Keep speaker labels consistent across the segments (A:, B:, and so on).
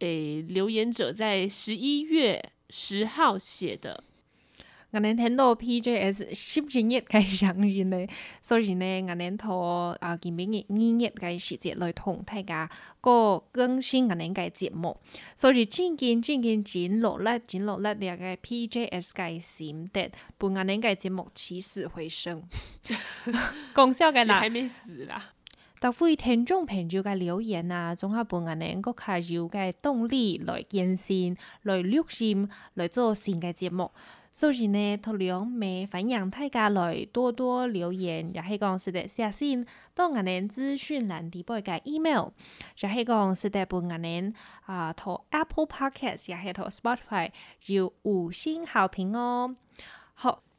A: 誒、欸，留言
B: 者在十一月十號寫的，我哋聽到 PJS 新節目開上嚟咧，所以咧我哋同啊前邊二日嘅時節來同聽啊，個更新我哋嘅節目，所以最近最近剪落力剪落力嘅 PJS 嘅閃電，把我哋嘅節目起死回生，搞笑噶啦，還沒死啦。特會聽眾朋友嘅留言啊，仲係幫我哋個下腰嘅動力來健身，來更新，來錄製，來做新嘅節目。所以呢，特別歡迎大家來多多留言，亦係講寫信到我哋資訊欄底部嘅 email，亦係講是的半銀年啊，同 Apple Podcast，亦係同 Spotify 要五星好評哦。好。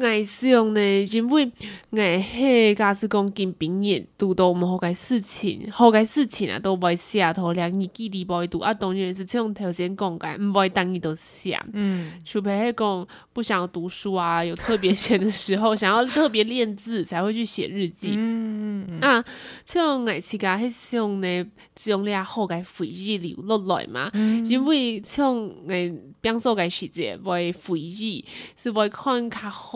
A: 愛使用呢，因為愛遐假是講見平日讀到毋好該事情，好該事情啊，都袂寫，寫度連日記低，唔會讀啊。當然是，是像頭先講嘅，毋會單伊着寫。嗯，除非係講不想要讀書啊，有特別閒的時候， 想要特別練字，才會去寫日記。嗯，嗯，嗯啊，像愛寫噶，係使用呢，使用倆好嘅回憶流落來嘛，嗯。因為像你，摒掃嘅細節，會回憶，是會看較好。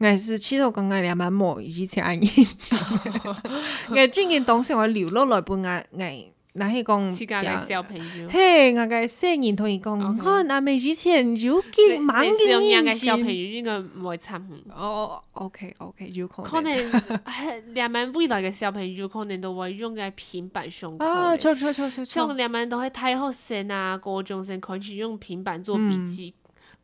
B: 我是知道咁， 我哋阿媽以前阿英，我之前當時我留落來半眼，我嗱係講私家嘅小朋友，係我嘅三年同佢講，可能阿媽以前有見蠻嘅年。私家嘅小朋友
A: 應該唔會參與。哦，OK，OK，有可能，可能兩萬未來嘅小朋友可能都會用嘅平板上課哦，錯
B: 錯錯錯錯，上
A: 兩萬都係大學生啊，高中生開始用平板做筆記。嗯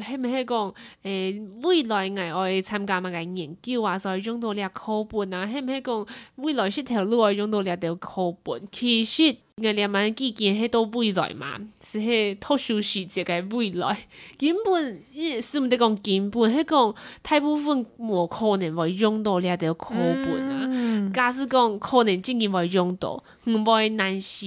A: 係唔係講，誒、欸，未來我要參加物嘅研究啊，所以用到你嘅課本啊？係唔係講未來一條路，用到你着課本？其實，你兩萬幾件迄都未來嘛，是迄特殊時期嘅未來。根本，嗯、是毋得講根本，迄講大部分無可能會用到你着課本啊。假使講可能真嘅會用到，唔會難死。